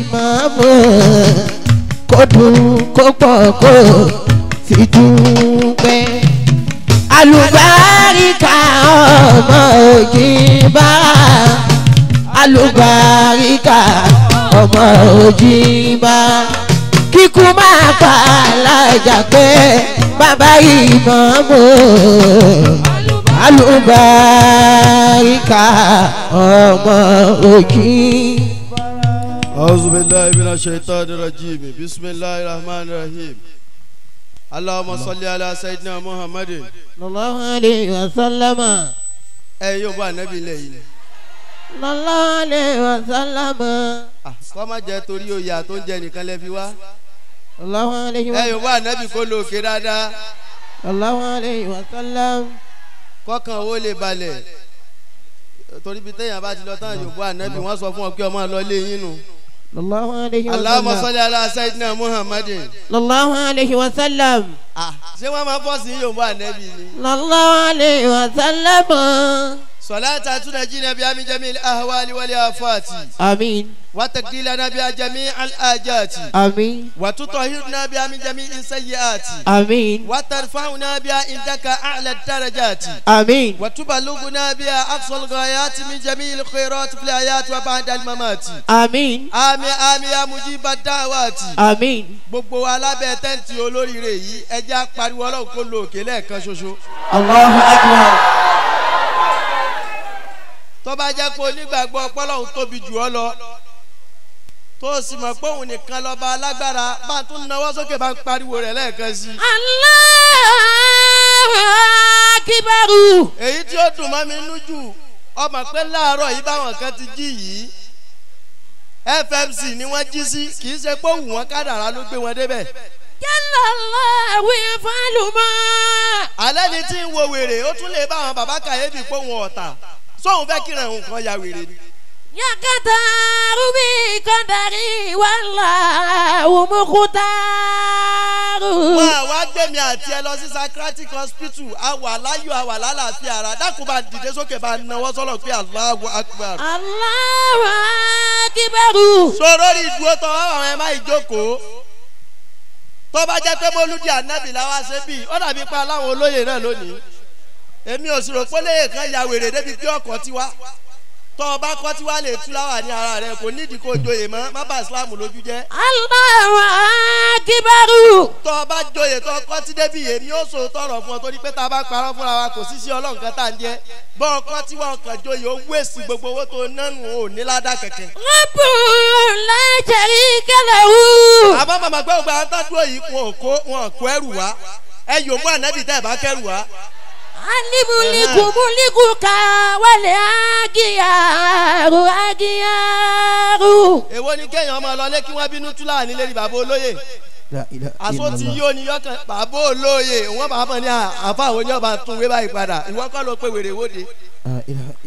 ìmọ̀ọ́mù kó dùn kó pọ̀ kó fi dúpẹ́. alùbáríkà ọmọ Òjìbá alùbáríkà ọmọ Òjìbá kíkú máa pa alájà pé bàbá ìmọ̀ọ́mù alùbáríkà ọmọ Òjìbá. أعوذ بالله من الشيطان الرجيم بسم الله الرحمن الرحيم اللهم صل على سيدنا محمد صلى الله عليه وسلم ẹ yóò bá ànábì ilẹ̀ yìí ni. lọ́lá lè wà sálámà. kọ́má jẹ́ torí oyè àtó ń jẹ nìkan lẹ́fi wá. lọ́lá lè wà sálámà. ẹ yóò bá ànábì kó lo òkè dáadáa. lọ́lá lè wà sálámà. kọ́kàn owó lè balẹ̀ torí bí téèyàn bá ti lọ tán yóò bá ànábì wọ́n sọ fún ọ pé ọmọ lọ lé yín nù. Sallallahu alayhi wa sallam. Allahumma salli ala sayyidina Muhammadin. Sallallahu alayhi wa sallam. Ah, ah. Ṣé wọ́n máa bọ́ sí Yorùbá ànẹ́bí ni? Sallallahu alayhi wa sallam. صلاة تنجينا بها من جميع الأهوال والآفات آمين وتقديلنا بها جميع الآجات آمين وتطهرنا بها من جميع السيئات آمين وترفعنا بها عندك أعلى الدرجات آمين وتبلغنا بها أقصى الغايات من جميع الخيرات في الحياة وبعد الممات آمين آمين آمين يا مجيب الدعوات آمين gbogbo alábẹ́ẹ̀tẹ́ǹtì olóríire yìí ẹ jẹ́ àpariwo ọlọ́run kó lo òkè lẹ́ẹ̀kan ṣoṣo tó bá jẹ́ pé onígbàgbọ́ ọpọlọ́hún tóbi jù ọ lọ tó o sì mọ̀ pé òun nìkan lọ́ba alágbára bá a tún náwó sókè bá ń pariwo rẹ̀ lẹ́ẹ̀kan sí i. Allahu èyí tí ó dùn mọ́ mi nú jù ọmọ pé láàárọ̀ yìí báwọn kan ti jí yìí FMC ni wọ́n jí sí kì í ṣe pé òun wọn kádàrá ló gbé wọn débẹ̀ yálàlá wí fálùmọ́. alẹ́ ni tí ń wo wèrè ó tún lè bá àwọn bàbá kàyéfì pé òun ọ̀tà sóun fẹ́ kíran òun kan ya wèrè ni. yakata rubi kandari wàhálà òmùkúta rù. wọn àwa gbẹmí àti ẹ lọ sí sacratic hospital àwa láyò àwa lálàáfíà ara dákun bá dìde sókè bá náwó sọlọ pé Allahu Akbar. Allahu Akbar. sọ̀rọ̀ rí ìdúró tọ́ àwọn ẹ̀ máa ìjókòó tó bá jẹ́ pé mọ́lúdì ànábìlà wá ṣe bíi ó dàbí pa aláwọn olóyè náà lónìí èmi ò sì rò pé lẹ́yìn kan ya wèrè débi pé ọkọ̀ tiwa tọ́ ọ bá tiwa lè tú ní ara rẹ kò nídìí kó joyè mọ́ má bà islam lójú jẹ́. aláwọ̀ akíbárù. tọ́ ọ joyè tọ́ ọkọ́ tí débi yèmí ó so tọrọ fún ọ torí pé tá a bá parọ́ fúnra wa kò sí sí ọlọ́run kan tá à ń jẹ bọ́ ọkọ́ tiwa ọkàn joyè ó wéṣì gbogbo owó tó nánu ò ní ládàá kẹ̀kẹ́. rọ́bù lájẹ̀rí kẹlẹ̀ wù. àbá màmá gbẹ́ alibuliku buliku ka wale agiyaru agiyaru. èwo ni kéèyàn máa lọ lé kí wọ́n bínú túlà nílé ní bàbá olóyè aṣọ ti yóò ní yọkàn bàbá olóye wọn bá bọ̀ ní àfa àwọn oníyàn bá tún wé báyìí padà ìwọ kọ́ ló pé wèrè wòde.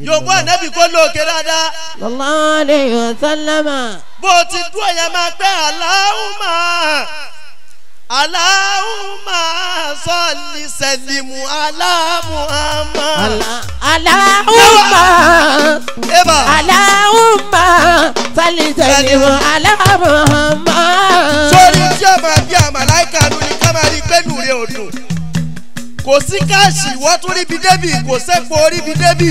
yòówù ànábì kó lóòkè dáadáa. lọ́lá lè yọ sálámà. bó ti dúró yẹn máa pẹ́ aláhùn máa. Allahumma salli sallim ala Muhammad. Allahumma Allahumma salli sallim ala Muhammad. Sori tí a máa bí àmàláìka nu ni ká máa rí pé nù rẹ̀ ò dùn. Kò sí káàṣì wọ́n tún ríbi débì kò sẹ́pọ̀ ríbi débì.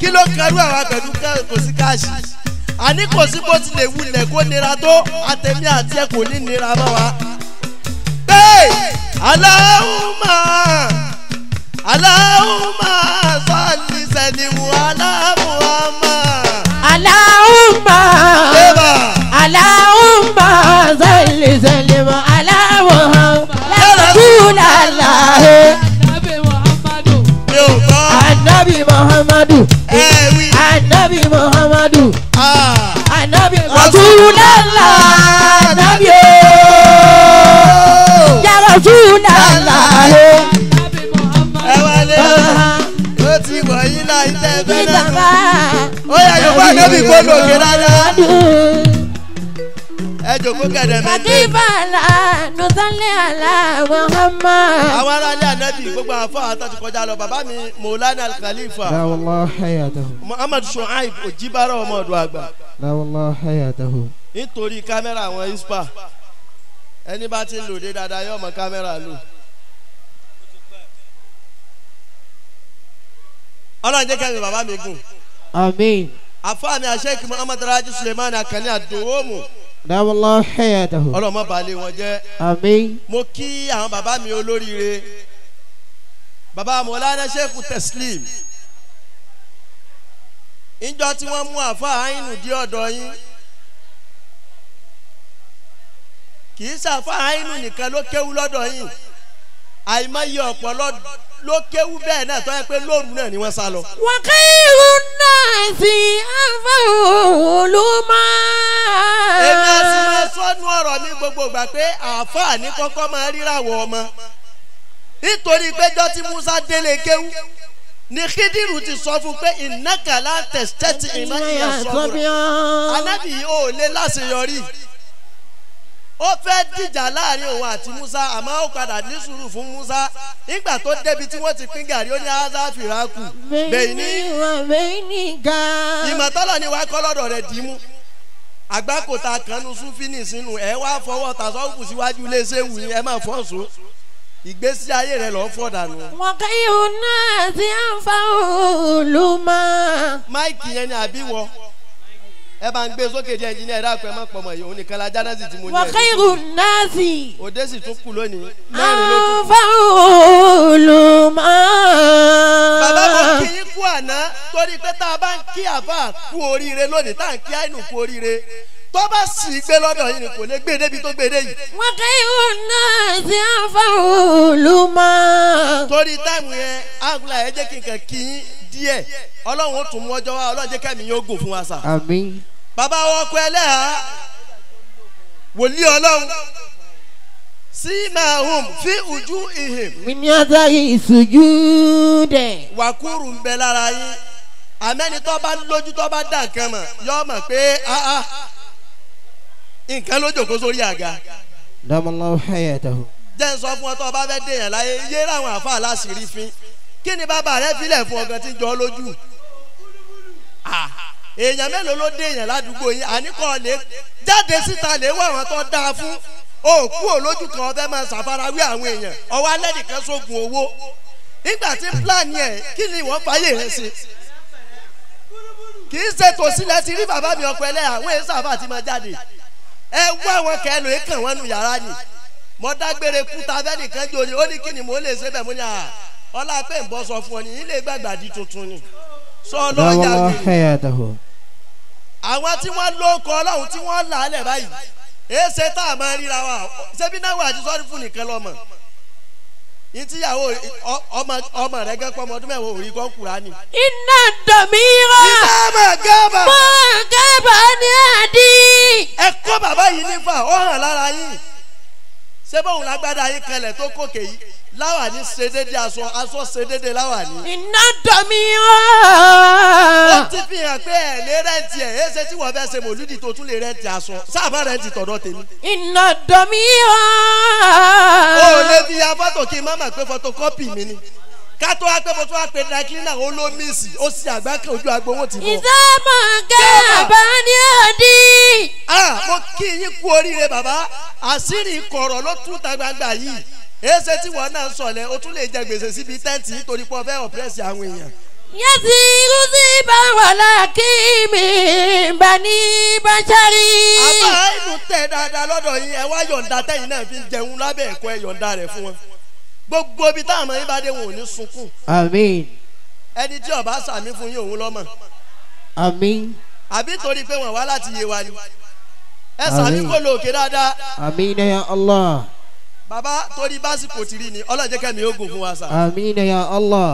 Kí ló karú àwa pẹ̀lú kò sí káàṣì? Àní kò sí bó tilẹ̀ wulẹ̀ kó nira tó àtẹ̀mí àti ẹ̀ kò ní nira bá wa aláhùnmá aláhùnmá sọ́ọ̀lì sẹ́nimu aláhùnmá. aláhùnmá aláhùnmá sọ́ọ̀lì sẹ́nimu aláhùnmá. lọ́sùlálàhẹ́. Anabi Muhammadu. Anabi Muhammadu. Anabi eh, Muhammadu. Ah. Rasulullah. e kó lòkè rárá. ẹ jòkó kẹ̀dẹ̀ mẹ́tẹ́. àlà àwọn gbogbo ti kọjá lọ bàbá mi Ojibara nítorí ispa ẹni bá ti lòdì dáadáa yóò mọ kámẹ́rà lò. ọlọ́run jẹ́ kẹ́mi bàbá mi gùn. àfáàní àṣẹ́kì muhammad raji suleiman akànní àdòwòmù. dáwọlọ hayatahu. ọlọmọ balẹ̀ wọn jẹ́. àmín. mo kí àwọn baba mi olóríire bàbá mọ̀lánà sheikh teslim ìjọ tí wọ́n mú àfáà àyìnù dí ọ̀dọ̀ yín kì í ṣàfáà àyìnù nìkan ló kéwú lọ́dọ̀ yín àìmọye ọ̀pọ̀ ló kéwú bẹ́ẹ̀ náà tó pé lóru náà ni wọ́n sá lọ. wàkàyèrò sí àfà olùmọ̀. èmi a sì máa sọ́nù ọ̀rọ̀ mi gbogbo gbà pé àáfàá ní kọ́kọ́ máa ríràwọ̀ ọmọ nítorí péjọ tí Musa délé kéwú ni Khidiru ti sọ fún pé ìnákàlà tẹ̀sítẹ́tì ìmọ̀ ìyá sọ́nù rẹ̀ anábìyí ò lè láṣeyọrí ó fẹ́ dìjà láàrin òun àti Musa àmọ́ ó padà ní sùúrù fún Musa nígbà tó débi tí wọ́n ti pín gàrí ó ní aza firaku bẹ́ẹ̀ ni ìmọ̀tọ́lọ̀ ni wàá kọ́ lọ́dọ̀ rẹ̀ dì í mú àgbákòta kanu sunfini sínú ẹ wá fọwọ́ tasọ́wọ́kù síwájú léṣe wù ẹ máa fọ́ so ìgbésí ayé rẹ lọ́ọ́ fọ́ dànù. wọn kì í náà tí ń fa òòlù mọ́. máìkì yẹn ni àbí wọ ẹ bá ń gbé sókè jẹ́ ẹnjìnìá ẹ̀rọ àpẹ mọ́ pọ̀mọ́ yìí òun nìkan la jánásì tí mo ní. wàkírù náàsì. òde sì tún kù lónìí. àfàlùmọ́. bàbá mo kì í kú àná torí pé tá a bá ń kí àfà kú oríire lónìí tá à ń kí àìnù kú oríire tó bá sì gbé lọ́dọ̀ yìí ni kò lè gbé e débi tó gbé e dé yìí. wọ́n kẹ́ àfàlùmọ́. torí táìmù yẹn àgùlà yẹn jẹ́ kí n kàn kí díẹ̀ ọlọ́run ó tún mú ọjọ́ wa ọlọ́run jẹ́ kẹ́mi yóò gùn fún wa sà. àmín bàbá wọn kọ ẹlẹ́hà wòlíì ọlọ́run símáhùn fi ojú ìhìn. mímíọ́sá yìí ìṣojú dẹ̀. wàkúrú ń bẹ lára yín àmẹ́ni tó bá lójú tó bá dà nǹkan mọ̀ yọ mọ̀ pé ah, ah. nǹkan ló jòkó sórí àga. dámọ́lá hayatahu. jẹ́ ń sọ fún ọ tó o bá fẹ́ dèèyàn láyé yé ráwọn àfa aláṣìírí fín kí ni bàbá rẹ filẹ̀ fún ọgàn tí jọ lójú. Ah èèyàn mélòó ló dé èèyàn ládùúgbò yín àníkọ́ lè jáde síta lè wá àwọn tó dáa fún òkú olójú kan ọbẹ̀ máa ṣàfarawé àwọn èèyàn ọwọ́ alẹ́ nìkan sógun owó nígbà tí pílánì ẹ̀ kí ni ìwọ́n fàyè rẹ̀ sí kì í ṣe tòsílẹ̀ ti rí bàbá mi ọkọ ẹlẹ́yà àwọn èèyàn sábà ti máa jáde ẹ wá àwọn kẹ́nu èèkàn wọn nù yàrá ni mo dágbére kúta bẹ́ẹ̀ nìkan jòyè ó ní kí ni mò ń lè ṣe bẹ́ẹ̀ mo ní à ọlá pé ń bọ́ sọ fún ọ sọ lọ yàgbé àwọn tí wọ́n ló kọ Ọlọ́run tí wọ́n là á lẹ báyìí èsè tá a máa ríra wa ṣebí náà wà á ti sọrí fún nìkan lọmọ yìí tí ìyàwó ọmọ rẹ gẹ pọmọ ọdún mẹ́wàá òrí kan kúra ni. iná dọ̀mí rọ mọ gẹ́bà ní àdí. ẹ kó bàbá yìí nífà ó lára yín ṣé bóun lágbádá yín kanlẹ̀ tó kókè yìí láwàní ṣe déédéé aṣọ aṣọ ṣe déédéé láwàní. iná dọ̀mí ọ́. ó ti fi hàn pé ẹ̀ lé rẹ́ǹtì ẹ̀ ẹ ṣe tí wọ́n fẹ́ ṣe mòlúdì tó tún lè rẹ́ǹtì aṣọ sáàbà rẹ́ǹtì tọ̀dọ̀ tèmi. iná dọ̀mí ọ́. o lè fi ya fọ́tò kí n má mà pé fọ́tòkọ́pì mi ni kátó wá pé mo tún wá pé dry cleaner ó ló míìsì ó sì àgbá kan ojú agbo wọn ti bọ. ìsámọ̀ gàbá ní òdì. mo kí yín kú oríire bàbá àṣírí kọ̀rọ̀ ló tún ta yìí èsè tí wọn náà sọlẹ o tún lè jẹ gbèsè síbi tẹ́ǹtì nítorí pé ọbẹ̀ ọ̀pẹ́sì àwọn èèyàn. yẹ́ ti irú sí báwọlá kí mi bá ní àbá inú tẹ dáadáa lọ́dọ̀ yín ẹ wá yọ̀ǹda tẹ́yìn náà fi jẹun lábẹ́ ẹ̀kọ́ ẹ yọ̀ǹda rẹ̀ fún wọn gbogbo ibi táwọn ọmọ yín bá dé wọn ò ní sunkún. àmín. ẹni tí ọba sàmí fún yín òun lọ́mọ. àmín. àbí torí pé wọn wá láti yé wa ni ẹ sàmí kó lóòkè dáadáa. àmín ya Allah bàbá torí básìkò tìrì ni ọlọ́jẹ́kẹ́mi ó gùn fún wa sà. àmín ya Allah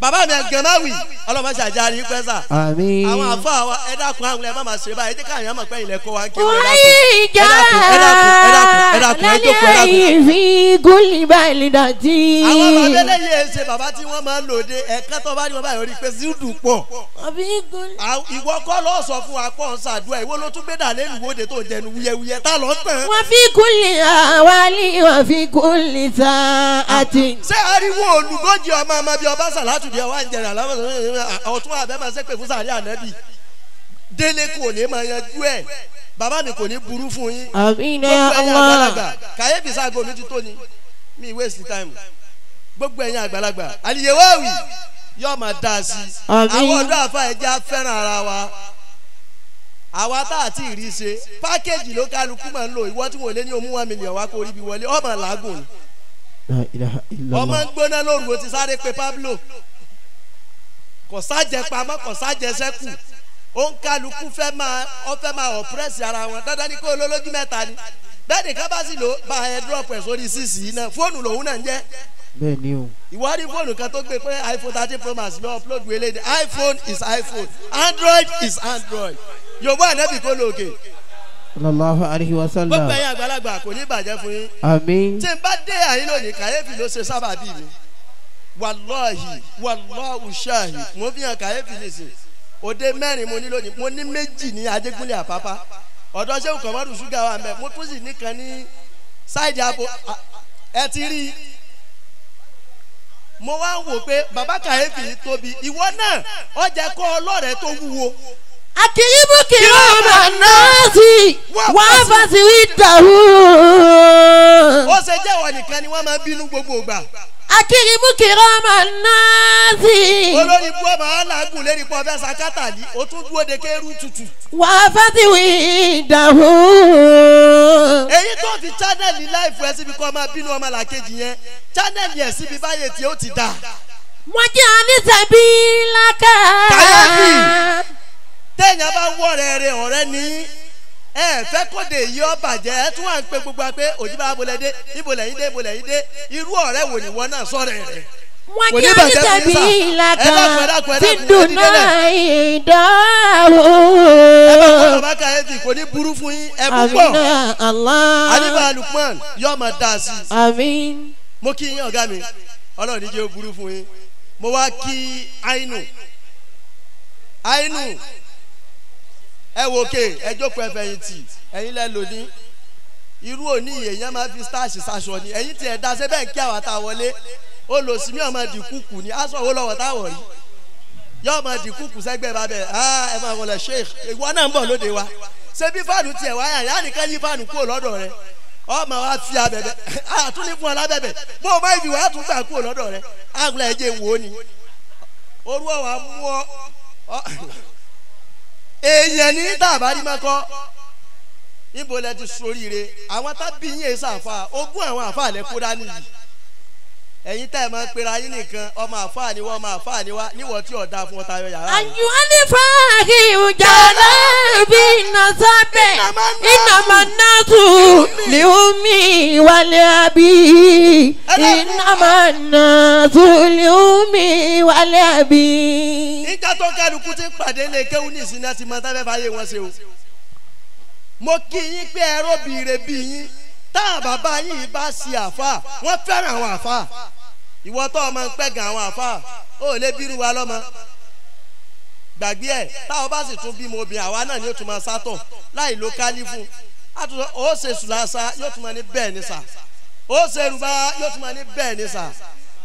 bàbá mi àgàmáwì ọlọ́mọ ṣàjà rí pẹ́ sà. àmín. àwọn àfọ àwọn ẹ dákun àwọn ẹ má máa ṣe báyìí ẹ jẹ́ káàyàn máa pẹ́ ilẹ̀ kó wa ń kí wọn. wáyé ìjà lálẹ́ ìfi gúnlẹ̀ báyìí dàtí. àwọn bàbá eléyìí ẹ bàbá tí wọ́n máa ń lòde ẹ̀ka tó bá ní wọn báyìí orí pé zíùdù pọ̀. ìwọ kọ́ lọ sọ fún wa ń ṣàdúrà ìwọ ló tún gbé dà sàlátù díẹ̀ wá ń jẹrẹ aláwọ̀ ọ̀tún àbẹ́ máa ṣépè fún sàárẹ̀ ànábì délé kò ní máa yanjú ẹ̀ bàbá mi kò ní burú fún yín gbogbo ẹ̀yin àgbàlagbà kàyéfì sáàgó mi ti tó ni mi waste time gbogbo ẹ̀yin àgbàlagbà àlìyéwáwì yóò máa dá a sí àwọn ọ̀dọ́ àfa ẹja fẹ́ràn ara wa àwa tá a ti rí ṣe pákéjì ló kálukú máa ń lò ìwọ tí wọn ò lé ní omú wa mílíọ̀n wa kó rí bi wọlé ọmọ làágùn ni ọmọ ń gbóná lóru o ti sáré pe Pablo kò sájẹ pamọ́ kò sájẹ sẹ́kù ó kálukú fẹ́ máa ọ fẹ́ máa ọ̀pẹ́rẹ́sì ara wọn dandan ni kó olólójú mẹ́ta ni bẹ́ẹ̀ ni kábàásì ló ba ẹ dúrọ̀pù ẹ̀ sórí sísì yìí náà fóònù lòun náà ń jẹ́. bẹ́ẹ̀ ni o. ìwọ fóònù kan tó gbé pé iphone thirteen pro max lọ upload wele ni iphone is iphone android is android yorùbá ànábì kó lóògè. sallallahu alayhi wa sallam. gbogbo ẹ̀yin àgbàlagbà kò ní bàjẹ́ fún yín. àmín. tí n bá dé àyín lónìí kàyéfì ló ṣe sábàbí mi wàlọ́ọ̀hì wàlọ́ọ̀hù ṣáàhì mo fi hàn kàyéfì nìsín òde mẹ́rin mo ní lónìí mo ní méjì ní adégúnlẹ̀ àpápá ọ̀dọ̀ ṣéwù kọ̀mọ́dù ṣúgà wà mẹ́ mo tún sì nìkan ní sáìdì abo ẹ ti rí i mo wá wò pé bàbá kàyéfì yìí tóbi ìwọ náà ó jẹ́ kó tó wúwo akiyibu kiroma nọọsi wàá fásitì wí dàrú. ó ṣe jẹ́wọ́ nìkan ni wọ́n máa bínú gbogbo ìgbà akirimu kirama nazi. olórí ibú ọba alágùn lérí pọ fẹ́ sakata yìí o tún dúró de kéérú tutù. wà á fẹ́ ti wí ìdààmú. èyí tó fi channel láìfù ẹ síbi kọ́ máa bínú ọmọ làkejì yẹn channel yẹn síbi báyìí tí ó ti dà. wọ́n jẹ́ anísàbí lákà. kàyéfì téèyàn bá wọ̀ rẹ̀ rẹ̀ ọ̀rẹ́ ní. ẹ fẹ́ kóde yìí ọ pe gbogbo pé òjì bá bolẹ̀ dé ibolẹ̀ yín dé ibolẹ̀ yín dé irú ọ̀rẹ́ wò ni wọ́n náà sọ̀rọ̀ rẹ̀ wọ́n jẹ́ onítẹ̀bí ìlà kan dùnà ẹ bá bá ti kò ní burú fún yín ọ̀gá mi ọlọ́run níjẹ́ fún yín mo kí Ainu. ẹ wò ké ẹ jókòó ẹ fẹ̀yìntì ẹ̀yin lẹ lóní irú òní èèyàn máa fi starch ṣaṣọ ni ẹ̀yin tiẹ̀ da ṣe bẹ́ẹ̀ kí àwa tá a wọlé ó lò sí mi ọmọ dìkúkù ni aṣọ wo lọ́wọ́ tá a yọ ọmọ dìkúkù sẹ́gbẹ́ bá bẹ̀ ah, ẹ máa wọlé sheikh ìwọ náà ń bọ̀ lóde wa ṣé bí fáànù tiẹ̀ wáyà yá nìkan yí fáànù kúrò lọ́dọ̀ rẹ ọmọ wa fi abẹ̀bẹ̀ àtúndì ah, fún ọ lábẹ̀bẹ̀ bó o bá ibi wàá tún gbà kúrò lọ́dọ̀ rẹ àgùlà ẹ̀jẹ̀ wò ó ni orú ọ̀ mú ọ èèyàn ní tàbárí máa kọ́ níbo lẹ ti ṣoríire àwọn tábí yín èso àfa ogún àwọn àfa àlẹ kó dání yìí ẹ̀yin tá ẹ pera yín nìkan ọmọ àfáà ni ọmọ àfáà ni wá tí ọ̀dà fún ọ̀tá ayọ̀ yàrá. àjùwálì fàáhì ìjà láàbì iná sábẹ̀ iná máa ná tù ní omi ìwálé àbí iná máa ná tù ní omi ìwálé àbí tó kálukú ti pàdé lè kéwú ní ìsinmi àti mọ́tà fẹ́ fàyè wọn ṣe o. mo kí yín pé ẹ̀rọ bìrè bí yín táwọn bàbá yín bá ṣe àfa wọ́n fẹ́ràn àwọn àfa ìwọ tó ọmọ ń pẹ̀gàn àwọn àfa ó lè bírú wa lọ́mọ gbàgbé ẹ̀ táwọn bá sì tún bímọ obìnrin àwa náà ni ó tún máa sátọ̀ láì ló kálí ó ṣe sùlásá yóò tún máa ní bẹ́ẹ̀ ni sà ó ṣe rúbá yóò tún máa ní bẹ́ẹ̀ ni sà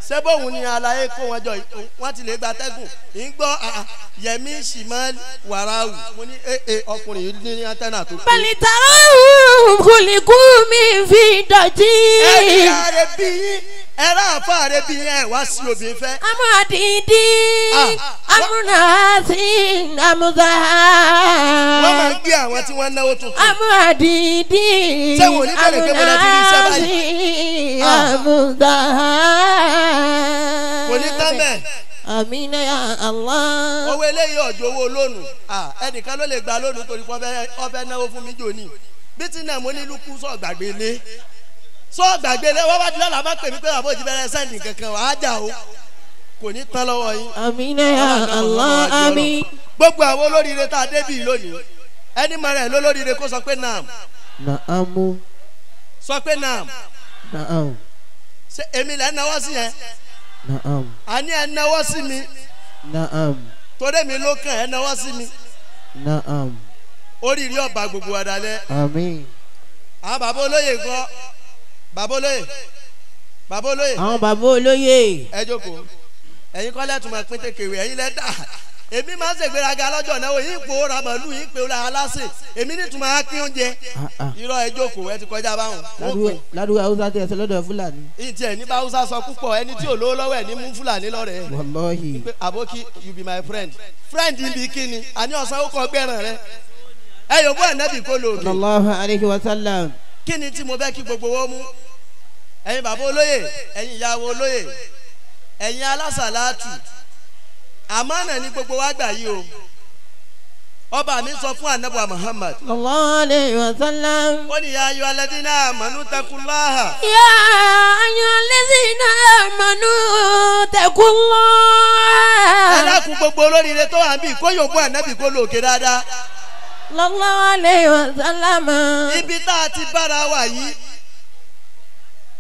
sẹ́bọ̀hún ni alaye kó wọn jọ wọn ti lè gba tẹ́gùn ń gbọ́ ah, ah, yẹmi simal warawu mo ní ee eh, eh, ọkùnrin yìí ní antenna tó kú. pẹ̀lítàrọ̀ kùlìkù mi fi dọ̀tí. ẹ̀yà rẹ̀ bí yín ẹ̀rọ àfáàrẹ bí ẹ wá sí obìnrin fẹ́. amúhàdìdì ah, ah, amúnàásì amúdá. wọ́n máa ń gbé àwọn tí wọ́n ń náwó tuntun. amúhàdìdì amúnàásì ah, amúdá. kò ní tán bẹ́ẹ̀ àmínà àlá. owó eléyìí ọ̀jọ̀ owó lónù ẹnìkan ló lè gba lónù torí ọbẹ̀ náwó fún mi jò ní bí tí náà mo ní lukú sọ gbàgbé sọ gbàgbé rẹ wọ́n bá di lọ́la má pè mí pé àbó ti bẹ̀rẹ̀ sẹ́ndì kankan wàá jà o kò ní tán lọ́wọ́ yín. ami àmínà ala àmín. gbogbo àwọn olóríire tá a débì lónìí ẹni mọ rẹ lólóríire kó sọ pé naam. naamu. sọ pé naam. naam. ṣe èmi lẹ́ náwó sí yẹn. naam. àní ẹ náwó sí mi. naam. torí mi ló kàn ẹ náwó sí mi. naam. oríire ọba gbogbo wa dalẹ̀. àmín. àwọn bàbá olóyè bàbá olóyè bàbá olóyè. àwọn bàbá olóyè. ẹ jókòó ẹ̀yin kọ́lẹ́ tún máa pín tèkèwé ẹ̀yin lẹ́ dà èmi máa ń ṣègbéraga lọ́jọ́ náà yìí pò ra màálù yìí pè ra aláṣẹ èmi ní tùmọ̀ á pín oúnjẹ ah, ah. irọ́ ẹ jókòó ẹ ti kọjá báwọn. ládùúgbò haúsá tẹ ẹsẹ lọ́dọ̀ fúlàní. ìtì ẹ̀ ní bá haúsá sọ púpọ̀ ẹni tí ò lówó lọ́wọ́ ẹ̀ ní mú fúlàní lọ́rẹ̀. wàlọ́hì. àbókí you be my friend friend ibi kíni àní ọ̀sán ó kọ gbẹ̀ràn rẹ ẹ yòówó ẹ̀ nẹ́bì kó lòdì. sallallahu alayhi wa kí ni tí mo bẹ́ kí gbogbo wọn mú ẹ̀yin bàbá olóyè ẹ̀yin ìyàwó olóyè ẹ̀yin alásàlátù àmánà ni gbogbo wa gbà yìí o ọba mi sọ fún anabuwa muhammad. sallallahu alayhi wa sallam. ó ní ya ayọ̀ alẹ́dínà àmọ́nú tẹkùnláhà. ya ayọ̀ alẹ́dínà àmọ́nú tẹkùnláhà. ẹ dákun gbogbo olóríire tó wà ń bì kó yòókù ànábì kó lòókè dáadáa sallallahu alayhi wa sallam. ibi tá a ti bára wa yìí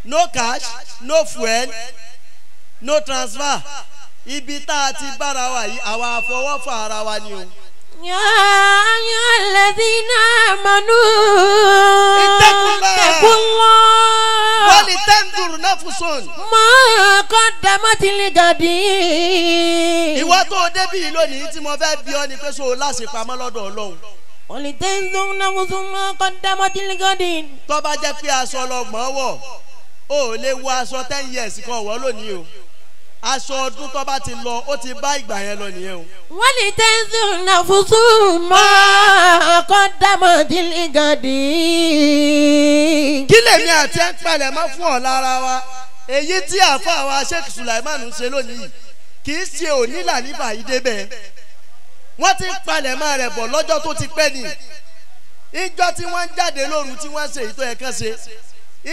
no cash no fuel no transfer ibi tá a ti bára wa yìí àwa àfọwọ́fà ara wa ni o. يا أيها الذين آمنوا اتقوا الله ولتنظر نفس ما قدمت لغد ìwọ tó débi lónìí tí mo fẹ́ bí ọ ni pé so láṣepamọ́ lọ́dọ̀ Ọlọ́run olùtẹ́ńdún náfúsùn máa kọ́ dámọ́ tí lè gọ́dì. tó bá jẹ́ pé aṣọ lọ́gbọ̀n wọ̀ o lè wọ aṣọ ten years kan wọ̀ lónìí o aṣọ ọdún tó bá ti lọ ó ti bá ìgbà yẹn lọ nìyẹn o. wọ́n lè tẹ́sùn náfúsùn máa kọ́ dámọ́ tí lè gọ́dì. kí lèmi àti ẹ̀ ń palẹ̀ mọ́ fún ọ̀ lára wa èyí tí àfa àwa sheikh sulaiman ń ṣe lónìí kì í ṣe òní là níbàyí débẹ̀ wọ́n ti ń palẹ̀mọ́ rẹ̀ bọ̀ lọ́jọ́ tó ti pẹ́ ni ìjọ tí wọ́n ń jáde lóru tí wọ́n ń ṣe èyí tó yẹ kán ṣe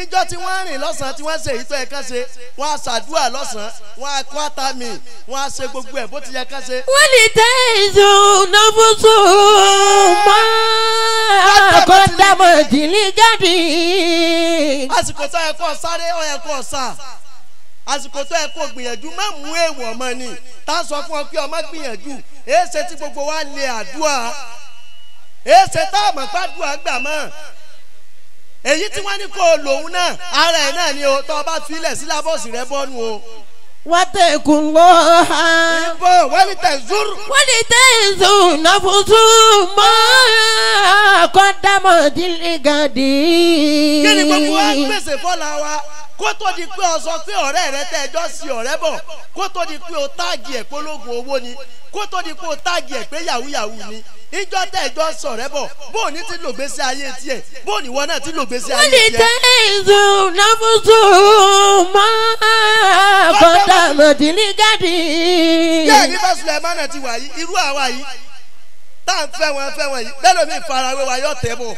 ìjọ tí wọ́n ń rìn lọ́sàn-án tí wọ́n ń ṣe èyí tó yẹ kán ṣe wọ́n á ṣàdúrà lọ́sàn-án wọ́n á kọ́ ata mi wọ́n á ṣe gbogbo ẹ̀ bó ti yẹ kán ṣe. wọ́n lè tẹ ìṣó nọ́bùsù mọ́ àkọ́dàmọ̀dì ní gàdí. àsìkò tó yẹ kó sáré ó yẹ kó àsìkò tó yẹ kó gbìyànjú má mú èèwọ̀ mọ́ ni tá a sọ fún ọ pé ọmọ gbìyànjú èèṣe tí gbogbo wa lè àdúrà èèṣe tá a mọ̀ gbàdúrà gbà mọ́ èyí tí wọ́n ní kó o lòun náà ara ẹ̀ náà ni o tó o bá filẹ̀ sí rẹ bọ́nu o. واتقوا الله ولتنظر ولتنظر نفس ما قدمت لغد kí ni gbogbo wa gbèsè kó tó di pé o sọ pé ọ̀rẹ́ rẹ tẹ́ ẹjọ́ sí ọ̀rẹ́ bọ̀ kó tó di pé o táàgì ẹ̀ polówó owó ni kó tó di pé o táàgì ẹ̀ pé yahoo yahoo ni ìjọ tẹ́ ẹjọ́ sí ọ̀rẹ́ bọ̀ bó o ní ti lò gbèsè ayé tiẹ̀ bó o níwọ náà ti lò gbèsè ayé tiẹ̀. wọ́n lè tẹ́ ìzùn náà fún sùn máa òdì ní gádì. yóò ní bá sulemana ti wà yìí irú àwa yìí tá à ń fẹ́ wọn fẹ́ wọn yìí bẹ́ẹ̀ lómi ìfarawé wa yóò tẹ̀ bọ̀.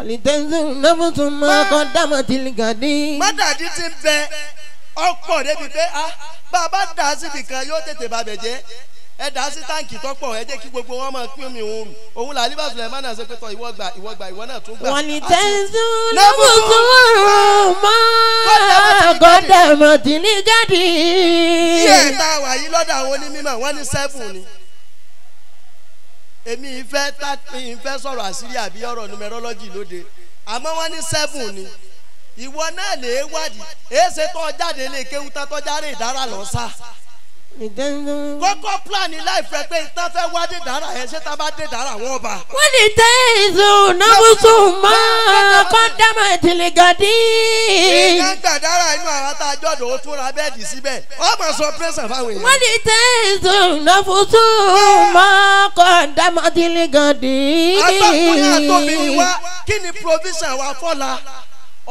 olùtẹ́sí lọ́mùtún máa kọ́ dámọ̀ tí ní gádì. mọ́tàdí ti ń bẹ ọ̀pọ̀ débi pé bàbá ah, dà síbi kan yóò tètè bàbẹ̀ jẹ́. ẹ dá sí táǹkì e ẹ jẹ́ kí gbogbo wọn máa pín mi òun mi òun là alibas lẹ́mọ́ náà ṣe pé ìwọ gbà ìwọ gbà ìwọ náà tún gbà. wọ́n ní tẹ́sán lọ́mùsùn ọ̀rọ̀ mọ́ gọ́dẹ̀ mọ̀tì ní a wà yí lọ́dọ̀ àwọn onímọ̀ wọ́n ní sẹ́fù ni. èmi ìfẹ́ ìfẹ́ sọ̀rọ̀ numerology lóde àmọ́ wọ́n ní sẹ́fù ni ìwọ náà lè wádìí jáde lè kókó plan láìpẹ́ pé ìtàn fẹ́ wá dé dára yẹn ṣé tá a bá dé dára wọn bá. wọ́n lè tẹ́ ìzù nábùsù mọ́ kọ́ńdàmọ̀ ìtìlẹ̀ gàdí. ìyẹn gbàdára inú àwọn tá a jọ̀dọ̀ ó tún bẹ́ẹ̀dì síbẹ̀ ọmọ sọ pẹ́sẹ̀ fáwọn èèyàn. wọ́n lè tẹ́ ìzù nábùsù mọ́ kọ́ńdàmọ̀ ìtìlẹ̀ gàdí. atọ́kùnrin àtòmí wa kí ni provision wa fọ́la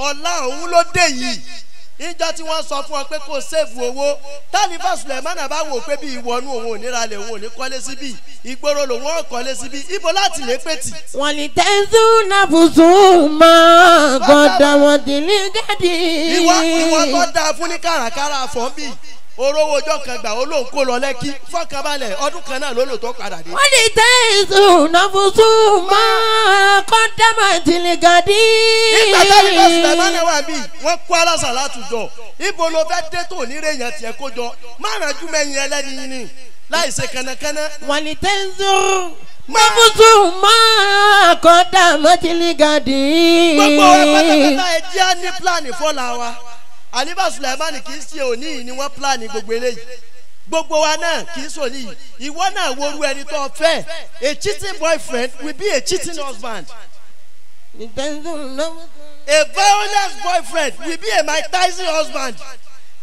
ọ̀la òun ló dé yìí ìjọ tí wọ́n sọ fún ọ pé kò sèfù owó tálífà sùlẹ̀mánà bá wò pé bí ìwọ̀nù òun ò níra lè òun ò ní kọ́lé síbí ìgboro lòun ò kọ́lé síbí ibo láti lè pètì. wọ́n lè tẹ́sù náà fùsùn mọ́ gbọ́dọ̀ wọ́n ti ní gàdí. ìwọ ìwọ tó fún ní kàràkàrà àfọ̀nbí orówó ọjọ́ kan gbà ó lóun kó lọ lẹ́kí fọkànbalẹ̀ ọdún kan náà ló lò tó padà dé. wọ́n lè tẹ́ ìsùn nàfùsù mọ́ kọ́ńdàmà tìlìgàdì. nígbà tó ní lọ́sùn ẹ̀ máa ń wà mí wọ́n kó alásà látùjọ ibo ló fẹ́ dé tó nírè yẹn tiẹ̀ kó jọ máa ràn mẹ́yìn ẹlẹ́ni ni láì ṣe wọ́n lè tẹ́ ìsùn mọ̀fúsù máa kọ́ńdàmà tìlìgàdì. gbogbo ẹ àníbà Sulaimani kì í ṣe òní yìí ni wọ́n pílánì gbogbo eléyìí gbogbo wa náà kì í sòní yìí ìwọ náà woru ẹni tó fẹ́ a cheating boyfriend will be a cheating husband. a violent boyfriend will be a Mike Tyson husband.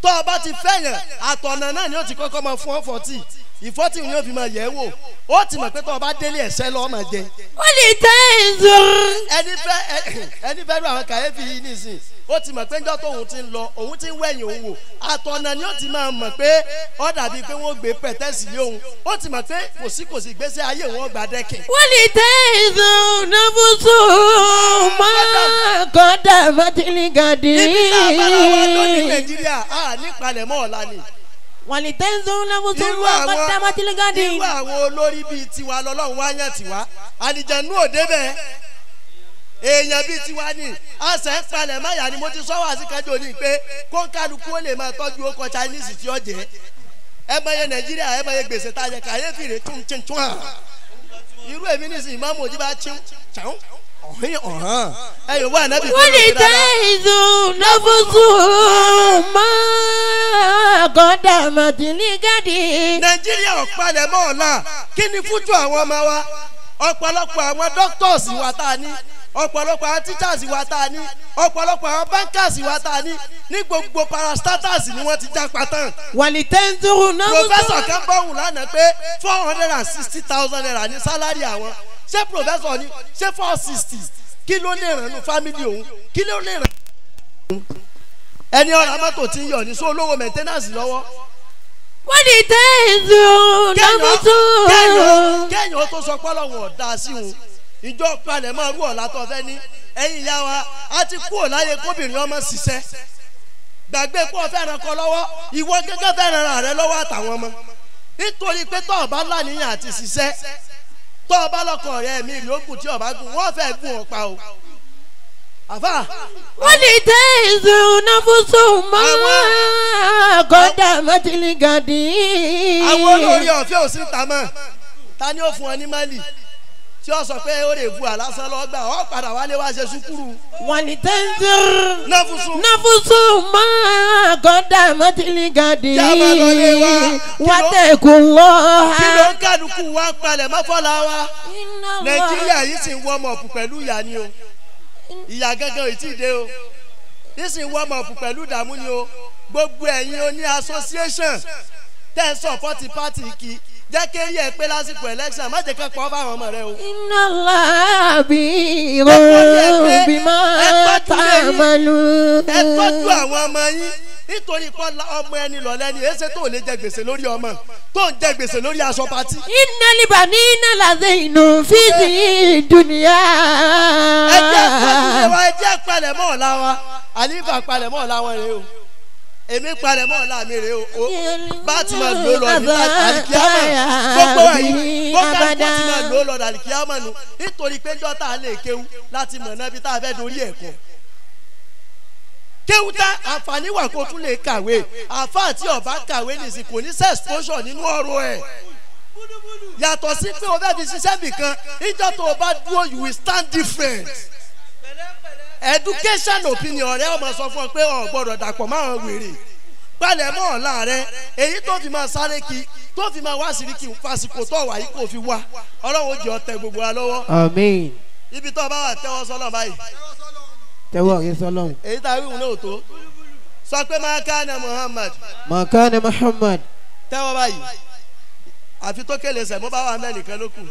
tó o bá ti fẹ́ yàn àtọ̀nà náà ni ó ti kọ́kọ́ máa fún ọ fọ́tì ìfọ́tí ni yóò fi máa yẹ̀ ẹ́ wò ó ti mọ̀ pé tó o bá délé ẹ̀sẹ̀ lọ́ máa jẹ. ó lè tẹ́ ẹ̀ zọrọ. ẹni fẹ́ ẹni fẹ́ lu àwọn kàyéfì yìí nìsín ó ti mọ̀ pé ńjọ́ tóun ti ń lọ òun ti ń wẹ̀yìn òun wò àtọ̀nà ni ó ti máa mọ̀ pé ó dàbí pé wọ́n gbé pẹ̀tẹ́sì lé òun ó ti mọ̀ pé kò sí kò sí gbèsè ayé wọn gba dẹ́kẹ̀. wọ́n lè tẹ́ ìzọ nàbùsù mọ́ kọ́dà fatiligadi. ibi tá a bára wa lọ ní nàìjíríà a nípalẹ̀ mọ́ ọ̀la ni wàlí tẹ́sán lábùsù lọ́kọ̀ dámátìlígàdì. irú àwọn olórí bíi tiwa lọ́lọ́run wá yàn tiwa àlìjẹ̀nú òde bẹ́ẹ̀ èèyàn bíi tiwa ni àṣẹ palẹ̀ máyà ni mo ti sọ́wọ́ àsìkájọ ní pé kó kálukú ó lè máa tọ́jú ó kọ chinese tí ó jẹ́ ẹ mọye nàìjíríà ẹ mọye gbèsè tá a jẹ kàyéfì rè tún tún tún hàn irú èmi nísìnyí máa mú ojú bá tún tún ọ̀hún ọ̀hán ẹ yòówó ànábì kọ́dà màtìní gàdí. nàìjíríà ò palẹ̀ kí ni fújú àwọn ọmọ wa ọ̀pọ̀lọpọ̀ àwọn doctors wa tá a ní ọ̀pọ̀lọpọ̀ àwọn teachers wa tá a ọ̀pọ̀lọpọ̀ àwọn bankers wa tá a ní gbogbo parastatals ni wọ́n ti já patán. wàlí tẹ́ńtúrú náà. professor kan lánàá pé four hundred and sixty thousand naira ní sálárì àwọn ṣé professor ni ṣé four sixty kí ló lè ràn nù fámìlì òun kí ló lè ràn nù. ẹni ọ̀rọ̀ amátò ti ń yọ̀ ní sóò lówó maintenance lọ́wọ́. wọ́n ní tẹ́ẹ̀sì o kẹ́yìn o tó sọ pọ́lọ́wọ̀n ọ̀dà sí wọn ìjọ palẹ̀ máa rú ọ̀la tó fẹ́ ti kú òláyé kóbìnrin ọmọ ṣiṣẹ́ gbàgbé kó o fẹ́ lọ́wọ́ ìwọ gẹ́gẹ́ fẹ́ ọmọ nítorí pé tọ́ ọba láníyàn àti ṣiṣẹ́ tọ́ ọba rẹ̀ mi ìlú ọba gùn wọ́n fẹ́ gùn o. àfà. wọ́n lè tẹ́ ìṣòro náà fún sùnmọ́ kọ́dà májèlé gàdí. àwọn olórí ọ̀fẹ́ ò sí ta mọ́ ta ni ó fún ọ ní mali tí ó sọ pé ó lè bu àlásán lọ́gbà ó padà wálé wá ṣe sùkúrù. wọ́n lè tẹ́ ìṣòro náà fún sùnmọ́ kọ́dà májèlé gàdí. jábọ̀ lọ́lé wa wàtẹ̀kùn lọ́ha. kí ló ń kálukú wa ń palẹ̀ mọ́fọ́lá wa nàìjíríà yìí sì ń wọ́mọ̀ pẹ̀lú ìyá ni o ìyá gángan ò tí ì dé o nísìn wọ́n ọ̀pù pẹ̀lú ìdààmú ni o gbogbo ẹ̀yin oní association tẹ́ ẹ sọ̀pọ́tì pátì kì jẹ́ kéèrí ẹ pé lásìkò election má jẹ́ ká pọ̀ bá àwọn ọmọ rẹ o. iná láàbì ròbì máa tà mọ́lú. ẹ tọ́jú àwọn ọmọ yín nítorí kọ́ ọmọ ẹni lọ́lẹ́ ni èsè tó lè jẹ gbèsè lórí ọmọ tó ń jẹ gbèsè lórí aṣọ pati. iná libà ní iná làdé inú fídì dùnìyà. ẹ jẹ́ pàdé wa ẹ jẹ́ palẹ̀ mọ́ ọ̀la wa àlífà palẹ̀ mọ́ ọ̀la wa rèé o èmi palẹ̀ mọ́ ọ̀la mi rèé o bá a ti máa lò lọ ní àlìkíyàmọ̀ gbogbo ẹ̀yìn gbogbo ẹ̀yìn bá a ti lọ ní àlìkíyàmọ̀ nù nítorí pé jọ́ta lè kéwu láti mọ̀ náà bí tá a fẹ́ dorí ẹ̀kọ́ kéwútá àǹfààní wà kó tún lè kàwé àfa àti ọba kàwé nìsín kò ní sex exposure nínú ọ̀rọ̀ ẹ̀ yàtọ̀ sí pé o fẹ́ fi ṣiṣẹ́ nìkan ìjọ tó o bá dúró you will stand different education opinion rẹ ọmọ sọ fún ọ pé ọ gbọ́dọ̀ dàpọ̀ máwọn wèrè palẹ̀mọ́ ọ̀la rẹ èyí tó fi máa sáré kí tó fi máa wá síríkì fásikò tó wà yìí kò fi wá ọlọ́run ó jẹ́ ọ̀tẹ̀ gbogbo wa lọ́wọ́. ibi tó o bá wà tẹ́wọ́ sọ́lọ́ báyìí tẹ́wọ́ rẹ sọlọ́run. èyí tá a wíwùn náà tó sọ pé makana muhammad. makana muhammad. tẹ́wọ́ báyìí àfi tó kéle sẹ̀ mo bá wà mẹ́nìkan ló kù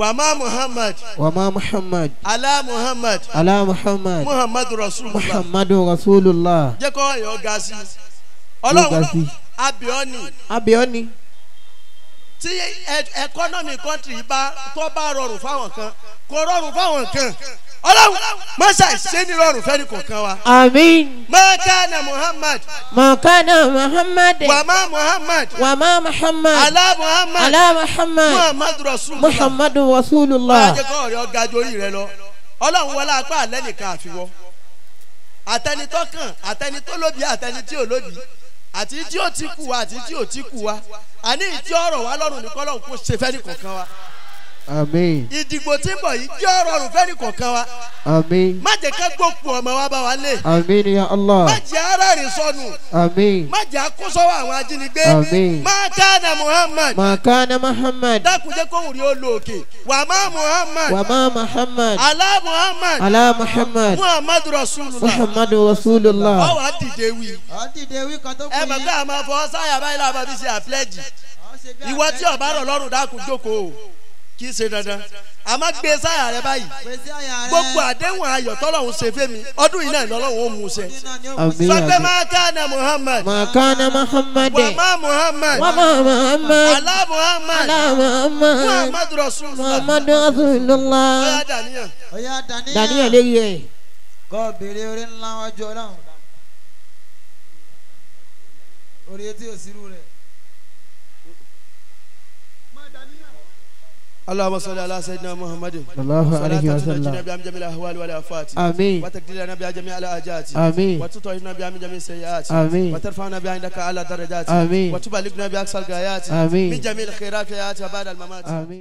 wàmà muhammad. wàmà muhammad. ala muhammad. ala muhammad. muhammadu rasulullah. muhammadu rasulullah. jẹ́ ọ̀yọ́ ga sí. ọlọ́run abioni. abioni. tí economy country bá tó bá rọrùn fáwọn kan kò rọrùn fáwọn kan ọlọ́run mọ́sá ṣe ní rọrùn fẹ́ni kọ̀ọ̀kan wa. àmín. mọ́kànà muhammad. mọ́kànà muhammad. wàmà muhammad. wàmà muhammad. alá muhammad. alá muhammad. muhammadu rasulullah. muhammadu rasulullah. wọ́n á jẹ́ kọ́ ọ̀rẹ́ ọ̀gá jórí rẹ lọ. ọlọ́run wọlé apá àlẹ́ nìkan àfiwọ́. àtẹnitọ́ kan àtẹnitọ́ lóbi àtẹnití ò lóbi àti tí ó ti kù wa àti tí ò ti kù wa àní ìtí ọ̀rọ̀ wa lọ́rùn ní kọ́lọ́run wa. Amen. ìdìbò tí ń bọ̀ yìí jẹ́ ọ̀rọ̀ ọ̀rùn fẹ́ni kọ̀ọ̀kan wa. Amen. má jẹ́ ká gbókùn ọmọ wa bá wa lé. Amen. ni allah. má jẹ́ ara rẹ̀ sọnù. Amen. má jẹ́ akúsọ́wọ́ àwọn ajínigbé. Amen. má kánà muhammad. má kánà muhammad. dákúnjẹ́ kóhùn rí olóòkè. wà má muhammad. wà má muhammad. alá muhammad. alá muhammad. muhammad rasulullah. muhammad rasulullah. ọwọ́ àdìdẹ wí. àdìdẹ wí kọ́tọ́ kù yìí. ẹ mọ̀ ká àmọ́ fọ́ sáyà báyìí láàbọ̀ fi ṣe àpilẹ̀jì. ìwọ tí ọ̀bá rọ̀ lọ́rùn dákun jókòó kì í ṣe dandan àmọ́ gbé sáyà rẹ báyìí gbogbo àdéhùn ayọ̀ tọ́lọ́hún ṣe fẹ́mi ọdún yìí náà lọ́lọ́hún ó mú un ṣe. sọ́pẹ́ muhammad. máa muhammad. wà muhammad. wà muhammad. alá muhammad. alá muhammad. muhammadu rasulullah. muhammadu rasulullah. ọ̀yá daniel. ọ̀yá daniel. daniel lè yẹ. kọ́ béèrè orí ńlá wájú ọlọ́run. orí etí òsínú rẹ̀. اللهم صل على سيدنا محمد صلى الله عليه وسلم صلاة بأم جميع الأهوال والآفات آمين وتكديرنا بها جميع الأجات آمين وتطهرنا بها من جميع السيئات آمين وترفعنا بها عندك أعلى الدرجات آمين وتبلغنا بأقصى الغايات آمين من جميع الخيرات في حياتنا بعد الممات آمين